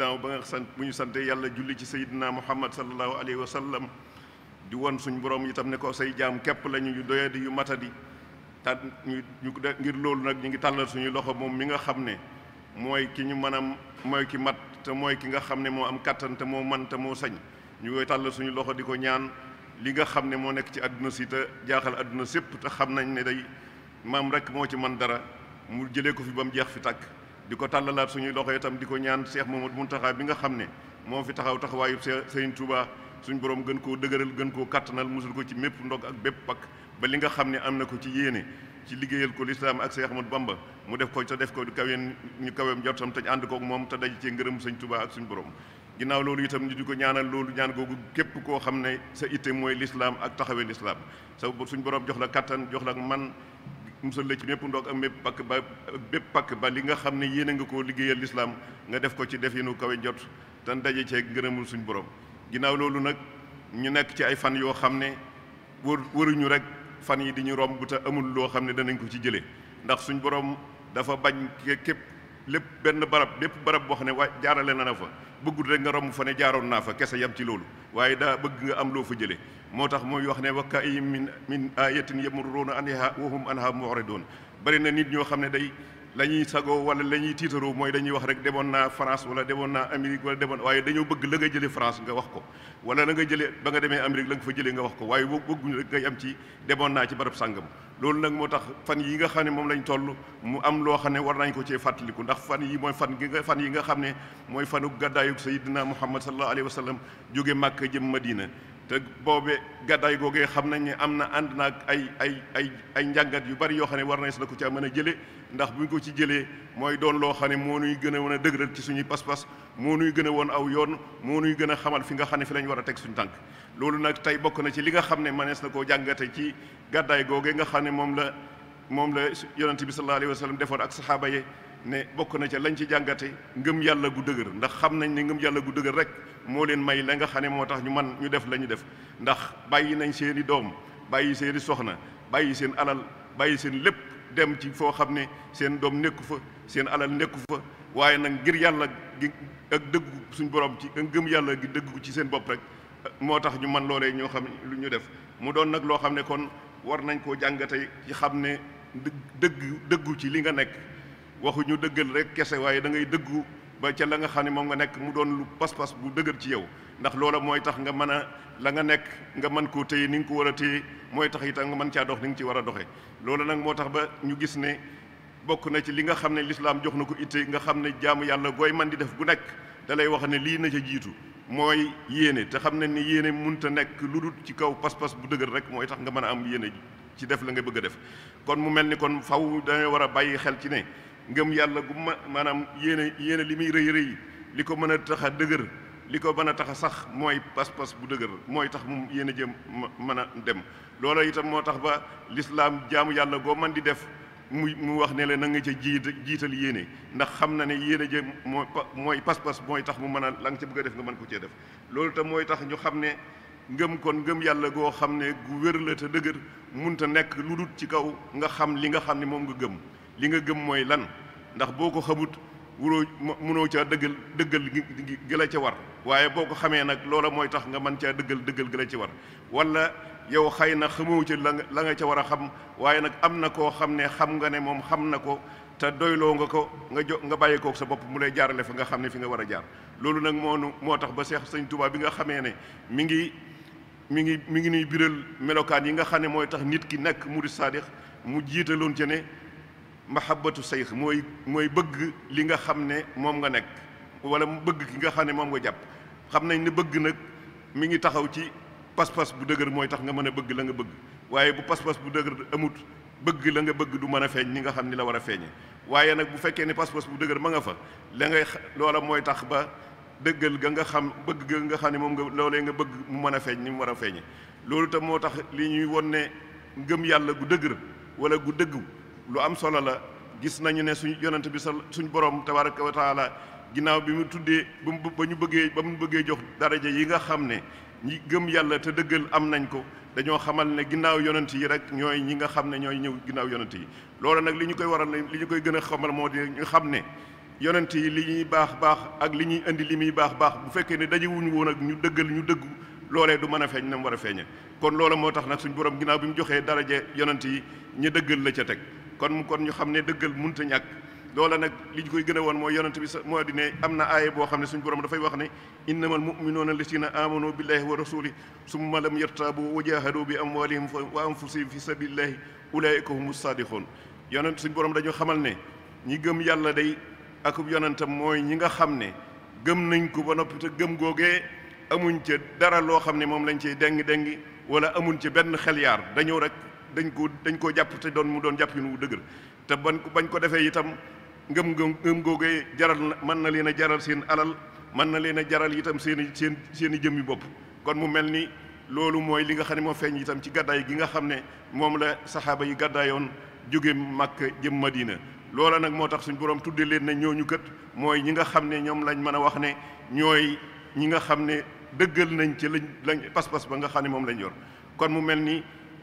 naaw ba nga sant bu ñu sante yàlla julli ci sayyidina muhammad sallallahu alayhi wa sallam di won suñu borom itam ne ko say jaam képp lañu yu doyadi yu matadi ta ñu ngir loolu nag ñu ngi tàllal suñu loxo moom mi nga xam ne mooy ki ñu mën a mooy ki mat te mooy ki nga xam ne moo am kattan te moo man te moo sañ ñu koy tàllal suñu loxo di ko ñaan li nga xam ne moo nekk ci àdduna si te jaaxal àdduna sépp te xam nañ ne day maam rekk moo ci man dara mu jëlee ko fi ba mu jeex fi tàkk di ko tàllalaat suñuy loxo itam di ko ñaan Cheikh Mamadou Mountakha bi nga xam ne moo fi taxaw taxawaayu Serigne Touba suñ borom gën koo dëgëral gën koo kattanal musul ko ci mépp ndog ak bépp pakk ba li nga xam ne am na ko ci yéene ci liggéeyal ko lislaam ak Cheikh Ahmadou Bamba mu def ko te def ko kaween ñu kaween jotam te ànd kook moom te daj cee ngërëm Sëñ Touba borom ginnaaw loolu itam ñu di ko ñaanal loolu ñaan googu képp koo xam ne sa it mooy lislaam ak taxawee lislaam sa suñu borom jox la kattan jox la man musal la ci mépp ndox ak mépp pakk ba bépp pakk ba li nga xam ne yéene nga ko liggéeyal lislaam nga def ko ci def yi nu kawe jot te daje cee ngërëmul suñ borom ginnaaw loolu nag ñu nekk ci ay fan yoo xam ne wër wëruñu rek fan yi di ñu romb te amul loo xam ne danañ ko ci jëlee ndax suñ borom dafa bañ képp lépp benn barab bépp barab boo xam ne waa jaarale na ne fa bëggul rek nga romb fa ne jaaroon naa fa kese yam ci loolu waaye daa bëgg nga am loo fa jëlee moo tax muy wax ne wakka i min min ayatin yamurruuna anha wa hum anha mu'ridun bari na nit ñoo xam ne day la ñuy sagoo wala la ñuy tiitaroo mooy dañuy wax rek demoon naa France wala demoon naa Amérique wala waaye dañoo bëgg la nga jële France nga wax ko wala la nga jëlee ba nga demee Amérique la nga fa jëlee nga wax ko waaye boo bëgguñu rek ngay am ci demoon naa ci barab sàngam loolu nag moo tax fan yi nga xam ne moom lañ toll mu am loo xam ne war nañ ko cee fàttaliku ndax fan yi mooy fan gi nga fan yi nga xam ne mooy fanu gàddaayug Sayyidina Muhammad sallallahu alayhi wa sallam jóge Màkka jëm Madina te boobe gàddaay googee xam nañ ni am na ànd naag ay ay ay ay njàngat yu bari yoo xam ne war nañ si na ko caa mën a jëlee ndax bu ñu ko ci jëlee mooy doon loo xam ne moo nuy gën a mën a dëgëral ci suñuy pas-pas moo nuy gën woon aw yoon moo nuy gën a xamal fi nga xam ne fi lañu war a teg suñu tànk loolu nag tey bokk na ci li nga xam ne mënees na koo jàngate ci gàddaay googee nga xam ne moom la moom la yonente bi sallallahu alayhi wa sallam defoon ak saxaaba yi ne bokk na ca lañ ci jàngate ngëm yàlla gu dëgër ndax xam nañ ne ngëm yàlla gu dëgër rek moo leen may la nga xam ne moo tax ñu man ñu def la ñu def ndax bàyyi nañ seen i doom bàyyi seen i soxna bàyyi seen alal bàyyi seen lépp dem ci foo xam ne seen doom nekku fa seen alal nekku fa waaye nag ngir yàlla gi ak borom ci ngëm yàlla gi dëggu ci seen bopp rek moo tax ñu man loolee ñoo xam lu ñu def mu doon nag loo xam ne kon war nañ koo jàngate ci xam ne dëgg dëggu ci li nga nekk waxuñu dëggal rek kese waaye da ngay dëggu ba ca la nga xam ne moom nga nekk mu doon lu pas-pas bu dëgër ci yow ndax loola mooy tax nga mën a la nga nekk nga mën koo téye ni nga ko war a téye mooy tax itam mën caa dox ni nga ci war a doxee loolu nag moo tax ba ñu gis ne bokk na ci li nga xam ne lislaam jox na ko itte nga xam ne jaamu yàlla gooy man def bu nekk da lay wax ne lii na ca jiitu mooy yéene te xam ne ni yéene munta nekk lu dul ci kaw pas bu dëgër rek mooy tax nga mën a am yéene ci def la nga bëgg a def kon mu mel ni kon faw dañoo war a bàyyi xel ci ne ngëm yàlla gu ma maanaam yéene yéene li muy rëy rëy li ko mën a tax a li ko mën a tax a sax mooy pas-pas bu dëgër mooy tax mu yéene jëm mën a dem loola itam moo tax ba lislaam jaamu yàlla goo man di def mu mu wax ne la na nga ca jiita jiital yéene ndax xam na ne yéene jëm moo mooy pas-pas mooy tax mu mën a la nga ca bëgg def nga man ko cee def loolu itam mooy tax ñu xam ne ngëm kon ngëm yàlla goo xam ne gu wér la te dëgër munta nekk lu dul ci kaw nga xam li nga xam ne moom nga gëm li nga gëm mooy lan ndax boo ko xamut wuroo mënoo caa dëggal dëggal gi la ca war waaye boo ko xamee nag loola mooy tax nga mën caa dëggal dëggal gi la ci war wala yow xëy na xamoo ci la la nga ca war a xam waaye nag am na koo xam ne xam nga ne moom xam na ko te doyloo nga ko nga jo nga bàyyi kook sa bopp mu lay jaarale fa nga xam ne fi nga war a jaar loolu nag moonu moo tax ba Seex sañ Tuubaa bi nga xamee ne mi ngi mi ngi mi ngi nuy biral melokaan yi nga xam ne mooy tax nit ki nekk murid saadix mu jiitaloon ci ne mahabbatu sayx mooy mooy bëgg li nga xam ne moom nga nekk wala bëgg ki nga xam ne moom nga jàpp xam nañ ne bëgg nag mi ngi taxaw ci pas-pas bu dëgër mooy tax nga mën a bëgg la nga bëgg waaye bu pas-pas bu dëgër amut bëgg la nga bëgg du mën a feeñ ni nga xam ni la war a feeñe waaye nag bu fekkee ne pas-pas bu dëgër ma nga fa la ngay loola mooy tax ba dëggal ga nga xam bëgg ga nga xam ne moom nga loolee nga bëgg mu mën a feeñ ni mu war a feeñe loolu tam moo tax li ñuy won ne ngëm yàlla gu dëgër wala gu dëggu lu am solo la gis nañu ne suñu yonent bi sol suñu borom tabaraka wa taala ginnaaw bi mu tuddee ba mu ba ñu bëggee ba mu bëggee jox daraja yi nga xam ne ñi gëm yàlla te dëggal am nañ ko dañoo xamal ne ginnaaw yonent yi rek ñooy ñi nga xam ne ñooy ñëw ginnaaw yonent yi loolu nag li ñu koy waral li ñu koy gën a xamal moo di ñu xam ne yonent yi li ñuy baax baax ak li ñuy indi li muy baax baax bu fekkee ne dajewuñu woon ak ñu dëggal ñu dëggu loolee du mën a feeñ na mu war a feeñe kon loolu moo tax nag suñu borom ginnaaw bi mu joxee daraja yonent yi ñu dëggal la ca teg kon kon ñu xam ne dëggal munta ñàkk loola nag li ñu koy gën woon mooy yonent bi sa moo di ne am na aaye boo xam ne suñ borom dafay wax ne innamal muminuuna allaziina amanu billahi wa rasuli summa lam yartaabu wa jahadu bi amwalihim wa anfusihim fi sabilillahi ulaika humu saadiqoon yonent suñu borom dañu xamal ne ñi gëm yàlla day akub yonentam mooy ñi nga xam ne gëm nañ ko ba noppi te gëm googee amuñ ca dara loo xam ne moom lañ cay déng-déng wala amuñ ci benn xel yaar dañëw rek dañ koo dañ koo jàpp te doon mu doon jàpp yi nu dëgër te ban bañ ko defee itam ngëm ngëm ngëm jaral na mën na leen a jaral seen alal mën na leen a jaral yitam seen i seen seen i jëmmi bopp kon mu mel ni loolu mooy li nga xam ne moo feeñ itam ci gàddaay gi nga xam ne moom la saxaaba yi gàddaayoon jóge màkk jëm madina loola nag moo tax suñ borom tudde leen ne ñooñu kët mooy ñi nga xam ne ñoom lañ mën a wax ne ñooy ñi nga xam ne dëggal nañ ci lañ lañ pas-pas ba nga xam ne moom lañ yor kon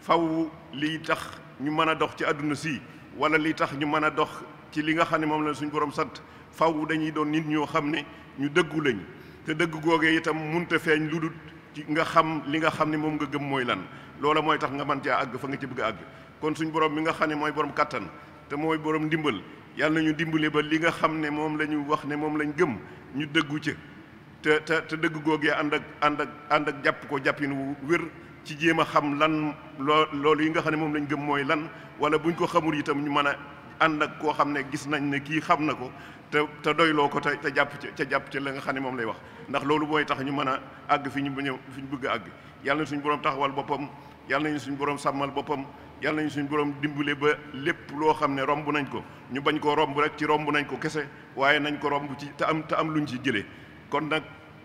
faw liy tax ñu mën a dox ci àdduna si wala liy tax ñu mën a dox ci li nga xam ne moom la suñu borom sant faw dañuy doon nit ñoo xam ne ñu dëggu lañ te dëgg googee itam munta feeñ lu dul ci nga xam li nga xam ne moom nga gëm mooy lan loola mooy tax nga mën caa àgg fa ci bëgg a kon suñu borom mi nga xam ne mooy borom kattan te mooy borom ndimbal yàlla nañu dimbale ba li nga xam ne moom la ñu wax ne moom lañ gëm ñu dëggu ci te te te dëgg googee ànd ak ànd ak ànd ak jàpp ko jàppin wér ci jéem a xam lan loo loolu yi nga xam ne moom lañu gëm mooy lan wala buñ ko xamul itam ñu man a ànd ak koo xam ne gis nañ ne kii xam na ko te te doyloo ko te te jàpp ca ca jàpp ca la nga xam ne moom lay wax ndax loolu booy tax ñu mën a àgg fi ñu fi ñu bëgg a àgg yàlla na suñu borom taxawal boppam yàlla nañu suñu borom sàmmal boppam yàlla nañu suñu borom dimbale ba lépp loo xam ne romb nañ ko ñu bañ koo romb rek ci romb nañ ko kese waaye nañ ko romb ci te am te am luñ ci jëlee kon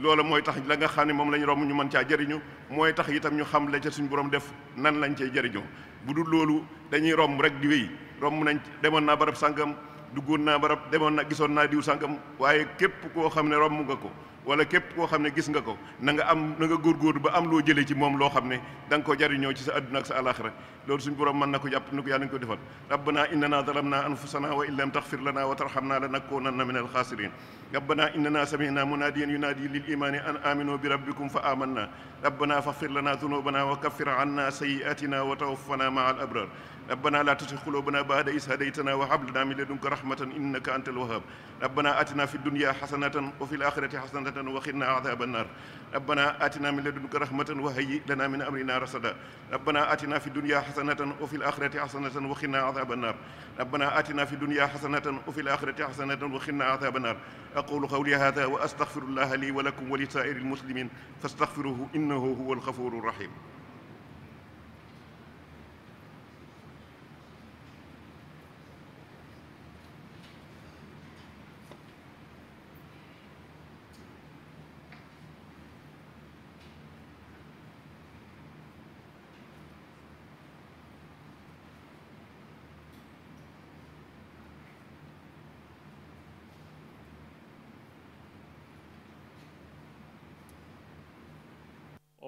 loola mooy tax la nga xam ne moom la ñu romb ñu mën caa jëriñu mooy tax itam ñu xam la ca suñu borom def nan lañ cay jëriñoo bu dul loolu dañuy romb rek di wéy romb nañ demoon naa barab sàngam duggoon naa barab demoon na gisoon naa diw sàngam waaye képp koo xam ne romb nga ko wala képp koo xam ne gis nga ko na nga am na nga góorgóorlu ba am loo jëlee ci moom loo xam ne da nga ko jariñoo ci sa àdduna ak sa alaxira loolu suñu borom mën na ko jàpp na ko yàlla nañu ko defal rabbana innana zalamna anfusana wa in lam taxfir lana wa tarhamna lanakunanna min alxaasirin ربنا إننا سمعنا مناديا ينادي للإيمان أن آمنوا بربكم فآمنا ربنا فاغفر لنا ذنوبنا وكفر عنا سيئاتنا وتوفنا مع الأبرار ربنا لا تزغ قلوبنا بعد إذ هديتنا وهب لنا من لدنك رحمة إنك أنت الوهاب ربنا آتنا في الدنيا حسنة وفي الآخرة حسنة وقنا عذاب النار ربنا آتنا من لدنك رحمة وهيئ لنا من أمرنا رشدا ربنا آتنا في الدنيا حسنة وفي الآخرة حسنة وقنا عذاب النار ربنا آتنا في الدنيا حسنة وفي الآخرة حسنة وقنا عذاب النار أقول قولي هذا وأستغفر الله لي ولكم ولسائر المسلمين فاستغفروه إنه innahu huwa alxafuru rahim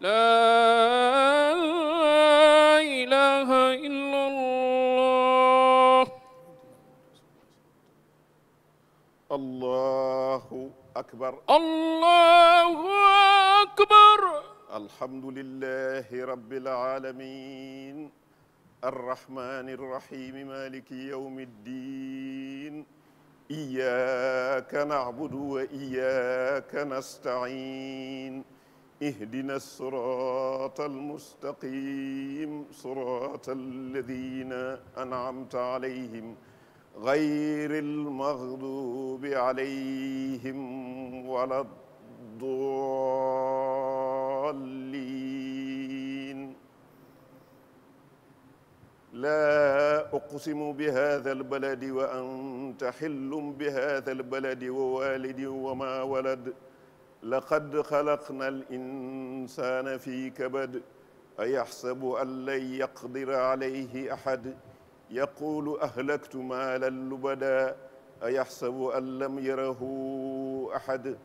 لا إله إلا الله الله أكبر الله أكبر الحمد لله رب العالمين الرحمن الرحيم مالك يوم الدين إياك نعبد وإياك نستعين اهدنا الصراط المستقيم صراط الذين أنعمت عليهم غير المغضوب عليهم ولا الضالين لا أقسم بهذا البلد وأنت حل بهذا البلد ووالد وما ولد laqad xalaqna al insana fi kabad ayaxsabu an lan yaqdira alayhi ahad yaqulu ahlaktu maalan lubada ayaxsabu an lam yarahu ahad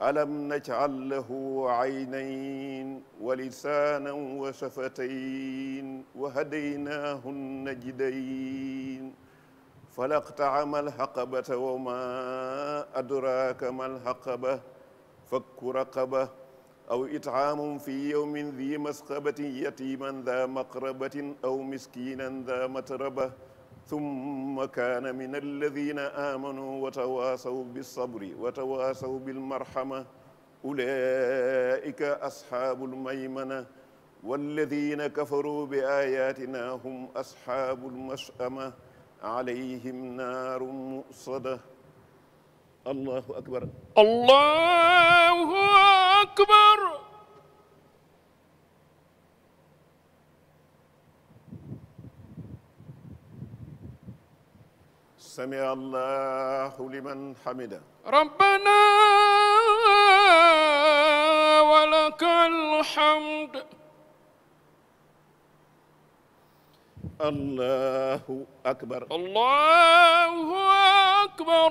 alam najcal lahu aynayn wa lisaanan wa shafatayn wa hadaynaahu najdayn falaqtacama alxaqabata wa ma adraaka ma alxaqaba fakku raqaba aw itaamun fi yowmin di masqabatin yatiman da maqrabatin aw miskinan da matraba thumma kaana min alladina amanu wa tawaasaw bilsabri wa tawaasaw bilmarhama ulaika asxaabu almaymana walladina kafaru bi ayatina hum asxaabu almashama alayhim naarun musada allahu akbar allahu akbar sami allahu liman hamida rabbana walakal hamd allahu akbar allahu akbar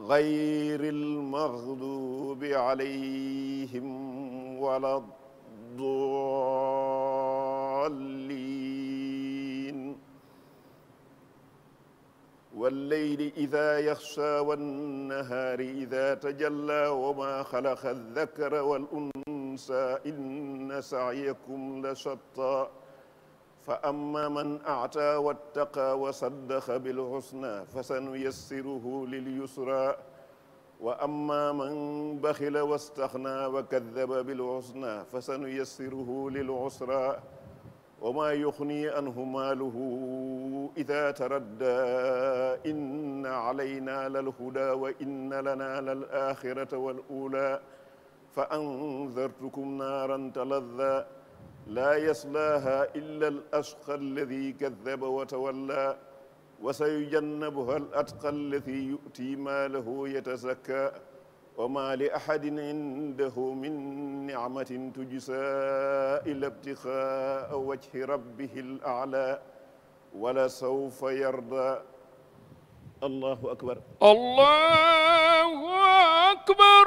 غير المغضوب عليهم ولا الضالين والليل إذا يخشى والنهار إذا تجلى وما خلق الذكر والأنثى إن سعيكم لشتى fa amma man a'ta wattaqa wa saddaqa bilhusna fa sanuyassiruhu lilyusra wa amma man baxila wastaxna wa kaddaba bilhusna fa sanuyassiruhu lilusra wa ma yuxni anhu maaluhu ida taradda inna alayna lalhuda wa inna lana lalaxirata walula fa anzartukum naaran taladda laa yaslaaha illa al ashqa alladi kadaba wa tawalla wa sayujannabuha al atqa alladi yu'ti maalahu yatazakka wa maa li ahadin indahu min nicmatin tujzaa illa ibtigaa wajhi rabbihi al a'laa wala sawfa yarda allahu akbar allahu akbar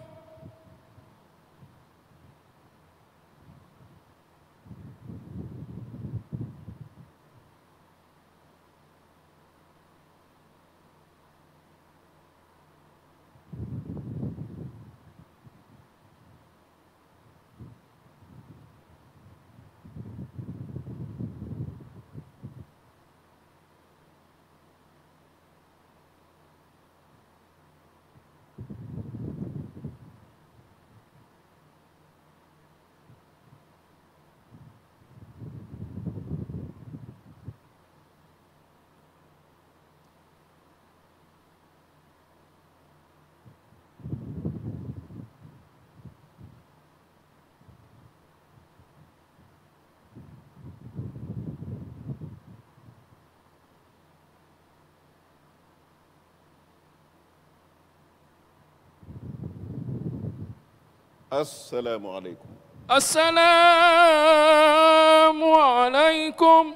asalaamu aleykum asalaamu aleykum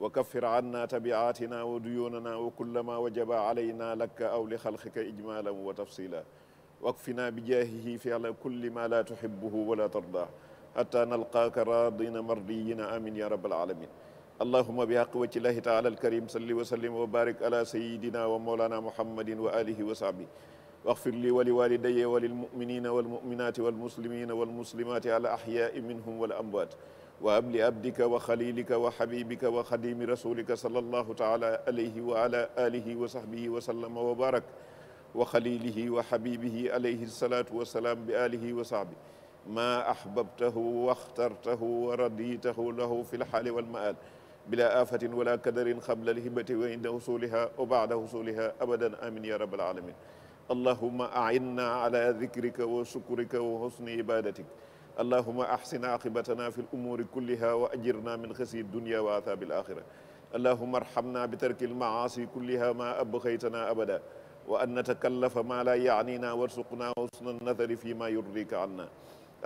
wa kaffir anna tabi'atina wa duyuunana wa kulla ma wajaba alayna laka aw li xalqika ijmalan wa tafsila wakfina bi jaahihi fi'la kulli ma la tuhibbuhu wa la tarda hatta nalqaaka raadina mardiyina amin ya rabbal alamin allahuma bi haq wacci lahi taala alkarim salli wa sallim wa barik ala sayidina wa mawlana muhammadin wa alihi wa sahbi waxfir li wa liwalidaya wa lilmuminina walmuminati walmuslimina walmuslimati ala ahyai minhum wal amwaat wa abli abdika wa xalilika wa xabibika wa xadimi rasulika sallallahu taala alayhi wa ala alihi wa sahbihi wa sallama wa barak wa xalilihi wa xabibihi alayhi salaatu wa salaam bi alihi wa sahbi ma ahbabtahu wa axtartahu wa raditahu lahu fi lxaali walmaal bila afatin wala kadarin xabla alhibati wa inda husuliha wa bada husuliha abadan amin ya rabbal alamin allahuma ainna ala dikrika wa shukrika wa husni ibadatik allahuma ahsin aqibatana fi lumuuri kulliha wa ajirna min xasi dunia wa athaabi alaxira allahuma arhamna bi tarki almaasi kulliha ma abxaytana abada wa an natakallafa ma la yaanina warsuqna husna alnathari fi ma yurdika anna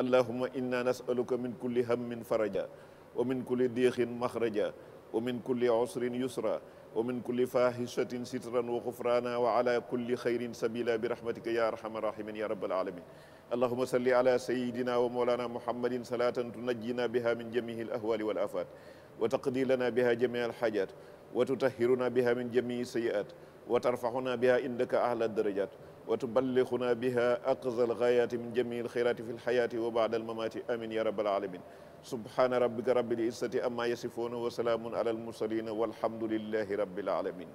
allahuma inna nasaluka min kulli hammin faraja wa min kulli diixin maxraja wa min kulli usrin yusra wa min kulli fahishatin sitran wa xufrana wa ala kulli xayrin sabila bi rahmatika ya arhama rahimin ya rabbal alamin allahuma salli ala sayidina wa moolana muhammadin salatan tunajjina biha min jamihi alahwali wal afat wa taqdi lana biha jamii alxaajat wa tutahiruna biha min jamii sayiat wa tarfaxuna biha indaka ahla darajat wa tuballighuna biha aqza alghayati min jamii alxayrati fi lxayati wa bada almamati amin ya rabbal alamin subhana rabbika rabbil izzati amma yasifuna wa salaamun ala almursalina walhamdulillahi rabbil alamin